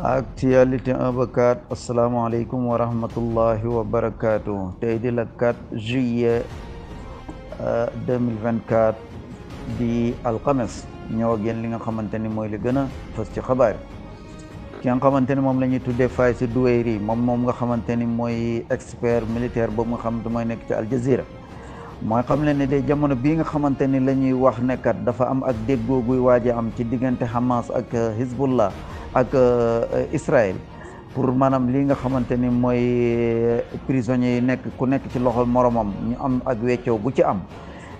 اكتياليتي ابكات السلام عليكم ورحمه الله وبركاته تيدي لكات جي 2024 دي القمص نيو غين ليغا خامتاني موي لي غنا فاستي خبار كان خامتاني موم لا ني تودي فايس دويري موم موم غا خامتاني موي اكسبير ميليتير بوم خام دماي نيك تي الجزيره ما خام لي دي جامونو بيغا خامتاني لا ني واخ نيكات دا ام اك ديغوغوي واجي ام تي ديغنت حماس اك حزب الله ak eh, Israël pour maanaam li nga xamante ni mooy eh, prisonniers yi nekk ku nekk ci loxol moromam ñu am ak weccoo gu ci am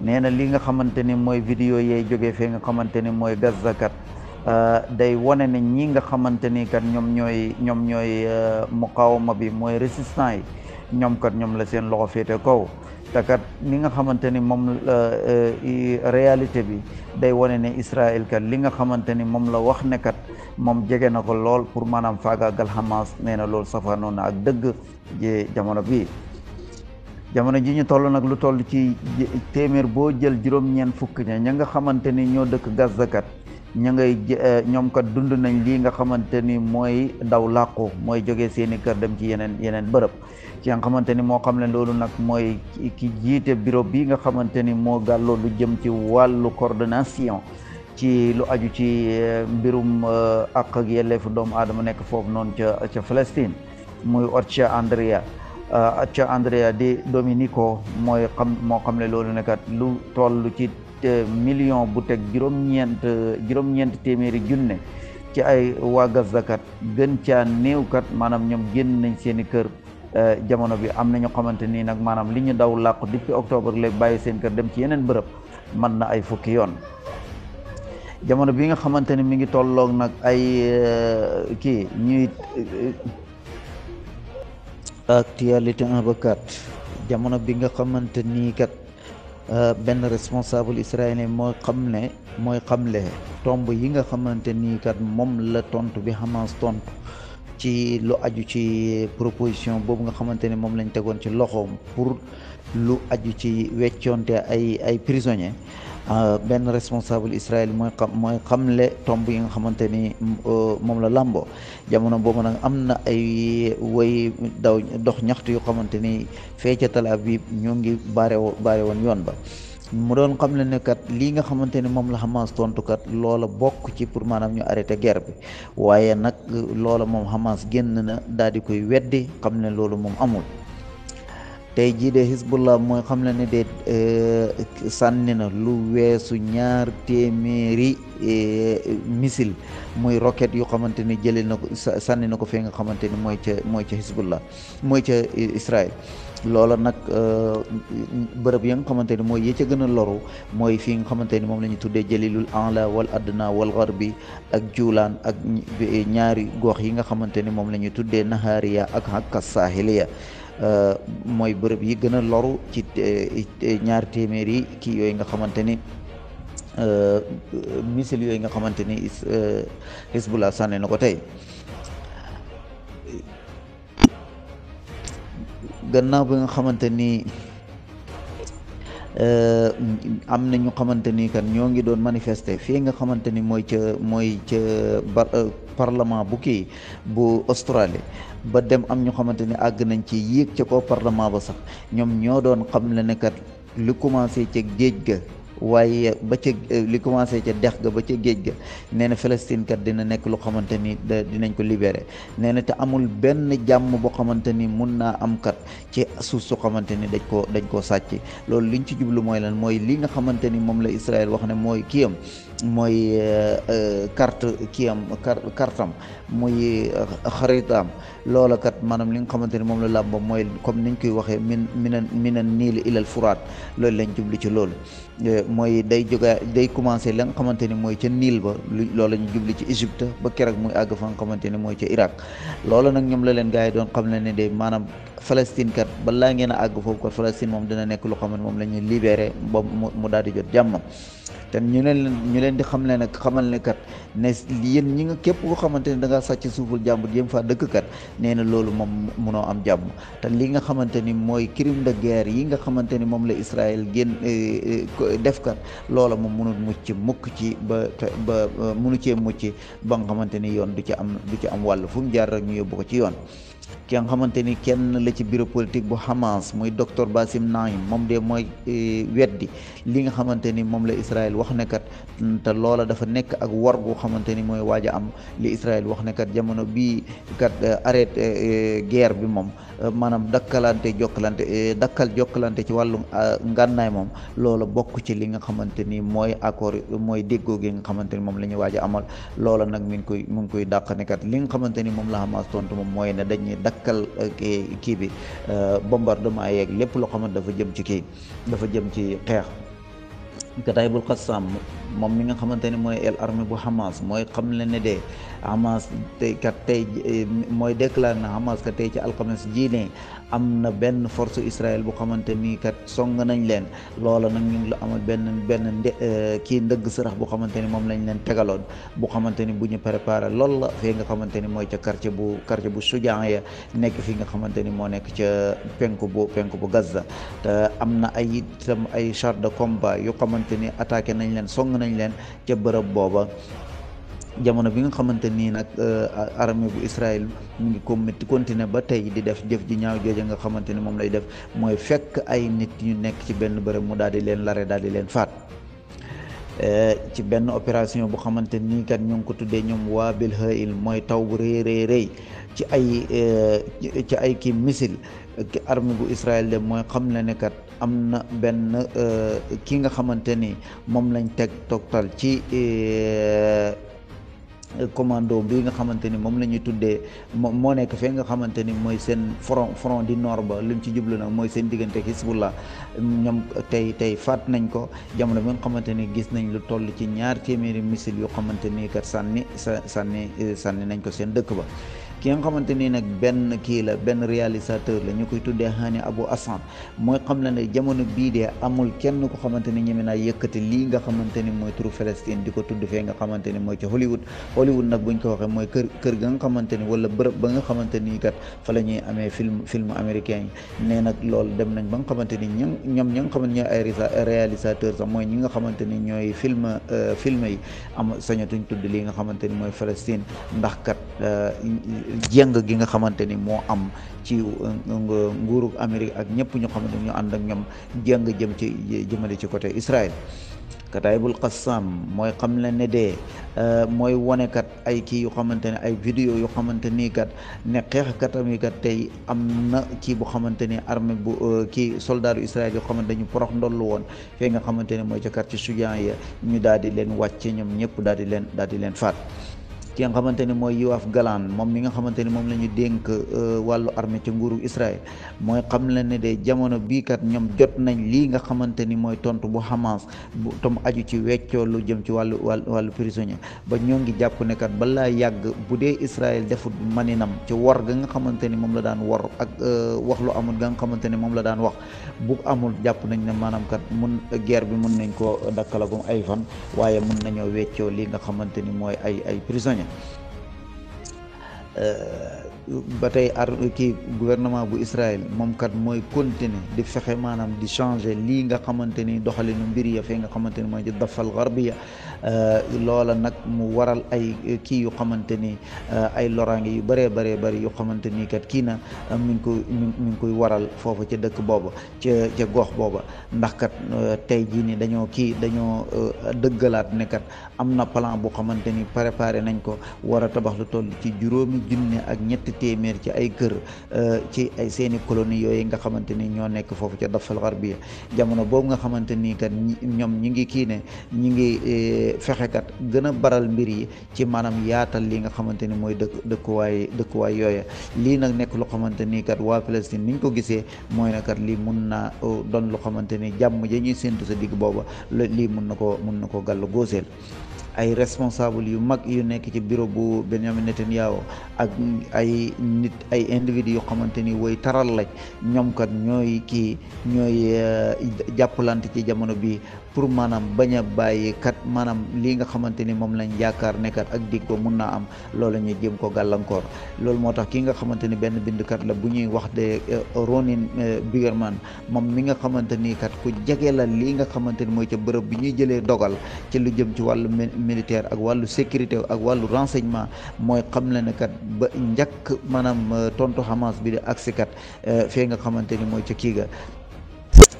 nee na li nga xamante ni mooy vidéo yeey jógee fee nga xamante ni mooy Gaza kat eh, day wane ne ñii nga xamante ni kat ñoom ñooy ñoom ñooy muqawama bi mooy résistant yi ñoom kat ñoom la seen loxo féete kaw takat ninga khamanteni xamante ni reality bi day wane ne Israël kat li nga xamante wax ne kat moom jege ko lool pour maanaam Hamas nee lol loolu safaanoon je ak dëgg ji jamono bii jamono ji ñu toll nag lu toll ci téeméer boo jël juróom-ñeent fukk ña nga xamante ni ñoo dëkk Gaza kat ña ngay e, ñoom kat dund nañ lii nga xamante ni daw làqu seeni kër dem ci ki nga xamante ni moo xam ne loolu nag mooy ki jiite bureau bi nga xamante ni moo gàlloo lu jëm ci wàllu coordination ci lu aju ci eh, mbirum eh, àq ak yelleefu doomu aadama nekk foofu noonu ca ca Palestine muy Orcha Andrea eh, Orcha Andrea di Dominico mooy xam moo xam ne loolu nekkat lu toll ci million bu teg juróom-ñeent juróom téeméeri junne ci ay waa Gaza kat gën caa néew kat maanaam ñoom génn nañ seeni kër Eh, jamono bi am na ñu xamante nii nag maanaam li ñu daw làqu depuis octobre léegi bàyyi seen kër dem ci yeneen bërëb man na ay fukki yoon jamono bi nga xamante ni mi ngi tolloog nag ay eh, kii ñuy eh, actualité 1 ba 4 jamono bi nga xamante nii kat benn responsable israélien mooy xam ne mooy xam xamle tomb yi nga xamante nii kat moom la tontu bi Hamas tontu ci lu aju ci proposition boobu nga xamante ne moom lañ tegoon ci loxoom pour lu aju ci weccoonte ay ay prisonniers euh, benn responsable Israël mooy xam mooy xamle tomb yi nga xamante ni euh, moom la làmboo jamono boobu nag am na ay woy daw dox ñaxtu yu xamante ni fee ca Tel Aviv ñu ngi baare baare woon yoon ba mu doon xam ne ne kat lii nga xamante ne moom la Hamas tontukat loola bokk ci pour maanaam ñu arrêté guerre waaye nag loola moom Hamas génn na daal di koy weddi xam ne loolu moom amul tey jii de mooy xam ne ne de euh, sànni na lu weesu ñaar téeméeri euh, missile muy roquette yu xamante ni jëlee na ko sànni na ko fee nga xamante ni mooy ca mooy ca mooy ca euh, Israël loola nag euh, bërëb ya nga xamante ni mooy yi ca gën a loru mooy fi nga xamante ni moom la ñu tuddee jëlilul anla wal adna wal garbi ak juulaan ak ñaari gox yi nga xamante ni moom la ñu tuddee nahaariya ak hakka saahiliya euh, mooy bërëb yi gën a loru ci euh, ñaar téeméer yi kii yooyu nga xamante ni misil yooyu nga xamante ni Hizbullah sànni na ko tey gannaaw bi nga xamante ni euh, am na ñu xamante ni kan ñoo ngi doon manifester fii nga xamante ni mooy ca mooy ca euh, parlement bu kii bu Australie ba dem am ñu xamante ni àgg nañ ci yéeg ca kaw parlement ba sax ñoom ñoo doon xam le ne kat lu commencé ca géej ga. waaye ba ca eh, li commencé ca dex ga ba ca géej ga nee na Palestine kat dina nekk lu xamante ni dinañ ko libéré nee na te amul benn jàmm boo xamante ni mun naa am kat ci suuf su xamante ni dañ koo dañ koo sàcc loolu liñ ci jublu mooy lan mooy lii nga xamante ni moom la Israël wax ne mooy kii kiyam mooy euh, euh, carte kii am carte am muy euh, xaritaam loola kat maanaam li nga xamante ni moom la làmba mooy comme niñ koy waxee min minan minan niil ilal furaat loolu lañ jublu ci lool mooy day jógaa day commencé la nga xamante ni mooy ca niil ba loola ñu jublu ci Égypte ba keroog muy àgg fa nga xamante ni mooy ca Irak loola nag ñoom la leen gaa yi doon xam ne ne de maanaam Palestine kat balaa ngeen a àgg foofu kat Palestine moom dana nekk lu xam ne moom la ñuy libéré ba mu daal di jot jàmm te ñu leen ñu leen di xam ne nag xamal ne kat ne yéen ñi nga képp koo xamante ne da ngaa sàcc suuful jàmbur jéem faa dëkk kat nee na loolu moom munoo am jàmm te lii nga xamante ni mooy crime de guerre yi nga xamante ni moom la Israël génn eh, eh, def kat loola moom munul mucc mukk ci ba ba munu cee mucc ba nga xamante ni yoon du ci am du ci am wàll fu mu jaar rek ñu yóbbu ko ci yoon ki nga xamante ni kenn la ci bureau politique bu Hamas muy docteur Basim Naim moom de mooy eh, weddi li nga xamante ni moom la Israël wax ne kat te loola dafa nekk ak war gu xamante ni mooy waaj a am li Israël wax ne jamono bii kat eh, arrêté eh, guerre bi moom maanaam dakkalante jokkalante dakkal jokkalante ci wàllu ngànnaay moom loola bokk ci li nga xamante ni mooy accord mooy déggoo gi nga xamante ni moom la ñuy waaj amal loola nag mi ngi koy koy dàq ne tontu moom mooy ne dañuy dakk dakkal eh, kii bi eh, bombardement yeeg lépp loo xamante dafa jëm ci kii dafa jëm ci xeex Kataybul Qassam moom mi nga xamante ne mooy el armée bu Hamas mooy xam le ne de Hamas tey kat tey eh, mooy déclaré na Hamas kat tey ci alxames ji ne am na benn force Israël bu xamante ni kat song nañ leen loola nag ñu la amal benn benn nde eh, kii ndëgg sërax bu xamante ni moom lañ leen tegaloon bu xamante ni bu ñu préparé lool la nga xamante ni mooy ca quartier bu quartier bu Soudan ya nekk fi nga xamante ni moo nekk ca penk bu penku bu Gaza te am na ay itam ay char de combat yu xamante xamante ni attaqué nañ leen song nañ leen ca bërëb booba jamono bi nga xamante nii nag euh, armée bu Israël mu ngi comité continuer ba tey di def jëf ji ñaaw jooje nga xamante ni moom lay def mooy fekk ay nit ñu nekk ci benn bërëb mu daal di leen lare daal di leen faat euh, ci benn opération bu xamante nii kat ñoo ngi ko tuddee ñoom waa il mooy taw bu rëy rëy rëy ci ay euh, ci ay kii missile armée bu Israël de mooy xam la ne kat am na benn euh, kii nga xamante ni moom lañ teg togtal ci euh, commando bi nga xamante ni moom la ñuy tuddee moo nekk fee nga xamante ni mooy seen front front di nord ba li mu ci jublu nag mooy seen diggante Hezbollah ñoom tey tey faat nañ ko jamono bi nga xamante ni gis nañ lu toll ci ñaar téeméeri missile yoo xamante ni kat sànni sànni euh, sànni nañ ko seen dëkk ba ki nga xamante ni ben benn kii la benn réalisateur la ñu koy tuddee xaani Abu Assane mooy xam la ne jamono bii de amul kenn ko xamante ni ñeme naa yëkkati lii nga xamante ni mooy turu Palestine di ko tudd fee nga xamante ni ci Hollywood Hollywood nag buñ ko waxee mooy kër kër ga nga xamante ni wala bërëb ba nga xamante ni kat fa la ñuy film film américain yi nee nag loolu dem nañ ba nga xamante ni ñoom ñoom ña nga xamante ñooy ay réalisateur sax mooy ñi nga xamante ni ñooy film film yi am sañatuñ tudd lii nga xamante ni mooy Palestine ndax kat jeng gi nga xamante ni moo am ci euh, nguuru Amérique ak ñëpp ñu xamante ñu ànd ak ñoom jeng jëm ci jëmale ci côté Israël kataibul qassam mooy xam le ne dee euh, mooy wonekat ay kii yu xamante ne ay vidéo yu xamante nii kat ne xeexkatam yi tey am na kii bu xamante ni armée bu euh, kii soldat yu Israël yoo xamante ñu porox ndollu woon fee nga xamante ne mooy ca quartier Soudan ya ñu daal di leen wàcce ñoom ñëpp daal di leen daal di leen faat ki nga xamante ne mooy Yoav Galan moom mi nga xamante ne moom la ñu dénk euh, wàllu armée ci nguuru Israël mooy xam la ne de jamono bii ñoom jot nañ lii nga xamante ni mooy tontu bu Hamas bu tom aju ci weccoo lu jëm ci wàllu wàllu wàllu prisonnier ba ñoo ngi jàpp ne kat balaa yàgg bu dee Israël defut maninam ci wor ga nga xamante ni moom la daan wor ak euh, wax lu amul ga xamante ne moom la daan wax amul jàpp nañ ne maanaam kat mun guerre bi mun nañ koo dakkalagum ay fan waaye mun nañoo weccoo lii nga xamante mooy ay ay gagné euh, ba tey ar kii gouvernement bu Israël moom kat mooy continuer di fexe maanaam di changé lii nga xamante ni doxalinu mbir ya fee nga xamante ni mooy ci dafal garbiya Euh, loola nag mu waral ay kii yu xamante ni euh, ay loraange yu bëree bëree bëri yu xamante ni kat kii na euh, mu ngi koy mu ngi koy waral foofu ca dëkk booba ca ca gox booba ndax kat tey jii ni dañoo kii dañoo dëggalaat ne kat am na plan bu xamante ni préparé nañ ko war a tabax lu toll ci juróomi junne ak ñetti téeméer ci ay kër ci ay seeni colonie yooyu nga xamante ni ñoo nekk foofu ca dafal xarbiya jamono boobu nga xamante ni kat ñoom ñi ngi kii ne ñi ngi fexekat gën a baral mbir yi ci maanaam yaatal li nga xamante ni mooy dëkk dëkkuwaay dëkkuwaay yooya lii nag nekk lu xamante ni kat waa Palestine niñ ko gisee mooy na kat lii mun naa uh, doon lu xamante ni jàmm sa ko mun na ko ay responsable yu mag yu nekk ci bureau bu Benjamin Netanyahu ak ay nit ay individu yu xamante way woy taral lañ ñoom kat ñooy kii ñooy uh, jàppalante ci jamono bi pour manam bañ a kat maanaam lii nga xamante ni moom lañ yaakaar nekkat ak dig ko mun naa am loolu ñu jëm ko gàllankoor loolu moo tax ki nga xamante ni benn bindukat la bu ñuy wax de euh, Ronin euh, Bigerman moom mi nga xamante ni kat ku jege la lii nga xamante ni mooy ca bërëb bu ñuy jëlee dogal ci lu jëm ci wàllu militaire ak wàllu sécurité ak wàllu renseignement mooy xam na ne kat ba njëkk maanaam euh, tontu Hamas bi di agsi kat fee nga xamante ni mooy ca kii ga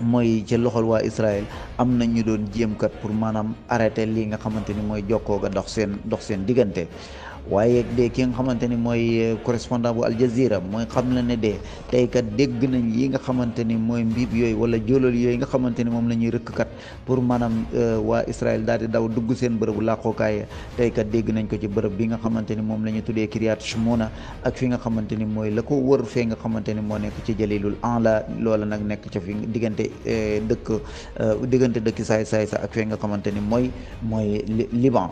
mooy ci loxol waa Israël am na ñu doon jéemkat pour maanaam arrêter lii nga xamante ni mooy jokkoo ga dox seen dox seen diggante waaye de ki nga xamante ni mooy eh, correspondant bu Al Jazeera mooy xam la ne de teykat dégg nañ yi nga xamante ni mooy mbiib yooyu wala jóolal yooyu nga xamante ni moom la ñuy rëkk kat pour maanaam eh, waa Israël daal di daw dugg seen bërëbu làqookaay teykat dégg nañ ko ci bërëb bi nga xamante ni moom la ñu tuddee Kiryat Shmona ak fi nga xamante ni mooy la ko wër fee nga xamante ni moo nekk ci Jalilul la loola nag nekk ci fi diggante eh, dëkk diggante dëkk saay saay sa ak fee nga xamante ni mooy mooy Liban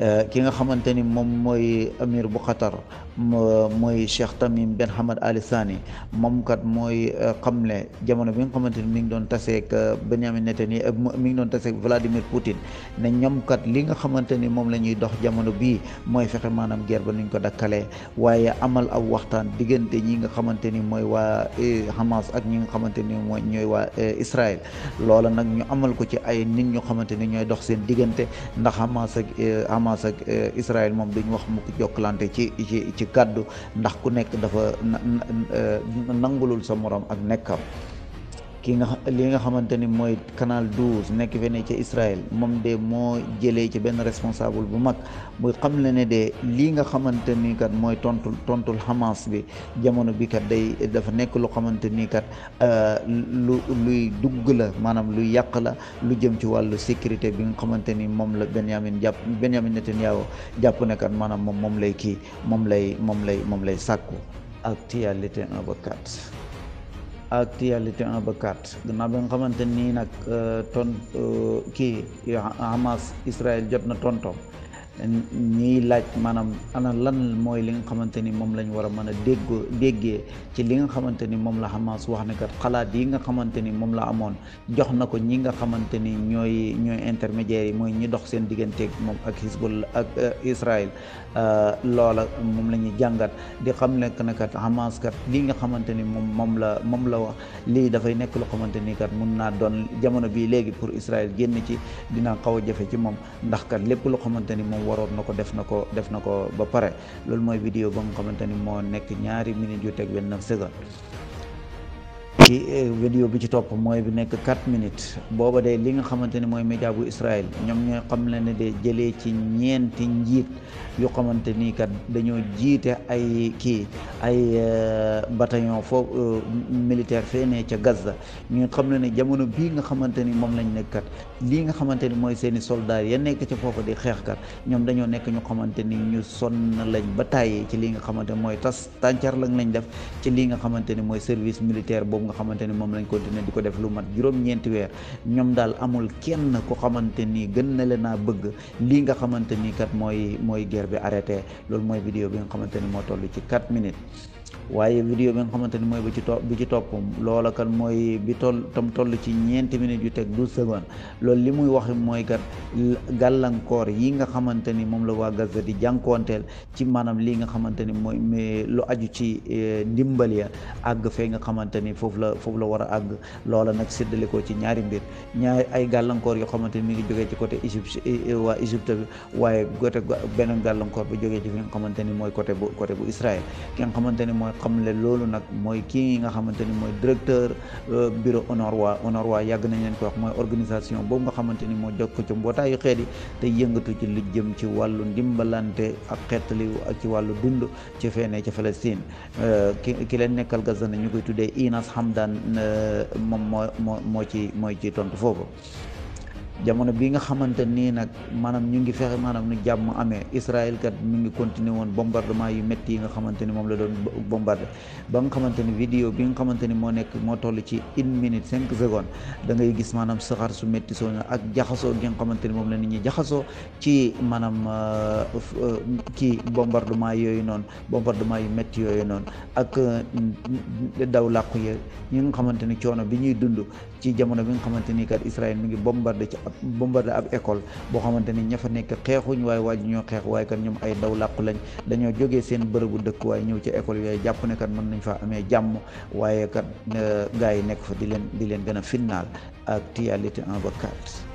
Eh, ki nga xamante ni moom mooy amir bu Qatar mooy Cheikh Tamim Ben Hamad Al Thani moom kat mooy eh, xamle jamono bi nga xamante ni mi ngi doon taseeg eh, Benyamin Netanyahu mi ngi doon taseeg Vladimir Poutine ne ñoom li nga xamante ni moom la ñuy dox jamono bii mooy fexe maanaam guerre ba nuñ ko dakkalee waaye amal ab waxtaan diggante ñi nga xamante ni mooy waa Hamas ak ñi nga xamante ni mooy ñooy waa Israël loola nag ñu amal ko ci ay nit ñu xamante ni ñooy dox seen diggante ndax Hamas ak masa ak eh, Israël moom duñ wax mukk jokkalante ci ci ci kàddu ndax ku nekk dafa eh, nanguwul sa morom ak nekkam ki nga li nga xamante ni mooy canal 12 nekk fene ca Israël moom de moo jëlee ci benn responsable bu mag muy xam le ne de lii nga xamante ni kat mooy tontu tontul Hamas bi jamono bi kat day dafa nekk lu xamante ni kat euh, lu luy dugg la maanaam luy yàq la lu jëm ci wàllu sécurité bi nga xamante ni moom la Benyamin jàpp Benyamin Netanyahu jàpp ne kat maanaam moom moom lay kii moom lay moom lay moom lay sàkku actualité 1 ba 4 actualité un ba quatre gannaaw bi nga xamante nii nag euh, ton euh, kii Hamas Israël jot na tontoom ñiy laaj manam ana lan mooy li nga xamante ni moom lañ war a mën a déggoo déggee ci li nga xamante ni la Hamas wax ne kat xalaat yi nga xamante ni moom la amoon jox na ñi nga xamante ni ñooy ñooy yi mooy ñi dox seen ak Hezbollah ak Israël loola la ñuy di xam ne ne kat Hamas kat li nga xamante ni moom moom la moom la wax lii dafay nekk loo xamante ni kat mun na don jamono bi léegi pour Israël génn ci dina xaw jafe ci mom ndax kat lépp loo xamante ni waroon na ko def na ko def na ko ba pare loolu mooy vidéo ba nga xamante ni moo nekk ñaari minutes yu teg 29 secondes ci eh, vidéo bi ci topp mooy bi nekk 4 minutes booba dee li nga xamante ne mooy média bu Israël ñoom ñooy xam le ne de jëlee ci ñeenti njiit yu xamante ni kat dañoo jiite ay kii ay eh, bataillon foofu eh, militaire fee ne ca Gaza ñu xam na ne jamono bii nga xamante ni moom lañ nekk kat lii nga xamante ni mooy seeni soldaar soldats ya nekk ca foofu di xeex kat ñoom dañoo nekk ñu xamante ni ñu sonn lañ ba tàyyee ci li nga xamante mooy tas tàncar lañ lañ def ci li nga xamante ni mooy service militaire boobu boobu nga xamante ni moom lañ continuer di ko def lu mat juróom-ñeenti weer ñoom daal amul kenn ku xamante ni gën na leen a bëgg lii nga xamante ni kat mooy mooy guerre bi arrêté loolu mooy vidéo bi nga xamante ni moo toll ci 4 minutes. waaye vidéo bi nga xamante ni mooy bi ci topp bi ci topp loola kan mooy bi toll tam ci ñeenti minutes yu teg douze loolu li muy wax mooy kat gàllankoor yi nga xamante ni moom la waa Gaza di jànkoonteel ci maanaam lii nga xamante ni mooy lu aju ci eh, ndimbal ya àgg fee nga xamante ni foofu la foofu la war a àgg loola nag séddale ko ci ñaari mbir ñaari ay gàllankoor yoo xamante ni mi ngi jógee ci côté Égypte eh, waa Égypte bi waaye côté beneen gàllankoor bi jógee ci fi nga xamante ni mooy côté bu côté bu Israël mooy xamle loolu nag mooy kii nga xamante ni mooy directeur euh, bureau ONARWA waa yàgg nañ leen koy wax mooy organisation boobu nga xamante ni moo jokk ci mbootaayu xeet yi te yëngatu ci li jëm ci wàllu ndimbalante ak xeetali ak ci wàllu dund ci feene ci Palestine euh, ki ki leen nekkal Gaza na koy tuddee Inas Hamdan euh, moom moo moo moo ci mooy ci tontu foofu jamono bi nga xamante nii nag maanaam ñu ngi fexe maanaam nu jàmm amee Israël kat mu ngi continuer woon bombardement yu métti yi nga xamante ni moom la doon bombardé ba nga xamante ni vidéo bi nga xamante ni moo nekk moo toll ci une minute cinq secondes da ngay gis maanaam saxaar su métti soo ak jaxasoo gi xamante ni moom la nit ñi jaxasoo ci maanaam euh, kii bombardement yooyu noonu bombardement yu métti yooyu noonu ak euh, daw làqu yi ñi nga xamante ni coono bi ñuy dund ci jamono bi nga xamante ni kat Israël mu ngi bombardé ci ab ab école boo xamante ni ña fa nekk xeexuñ waaye waaju ñoo xeex waaye kan ñoom ay daw làqu lañ dañoo jógee seen bërëbu dëkk waaye ñëw ci école yooyu jàpp ne kat mën nañ faa amee jàmm waaye kat euh, gars yi nekk fa di leen di leen gën a finnaal actualité en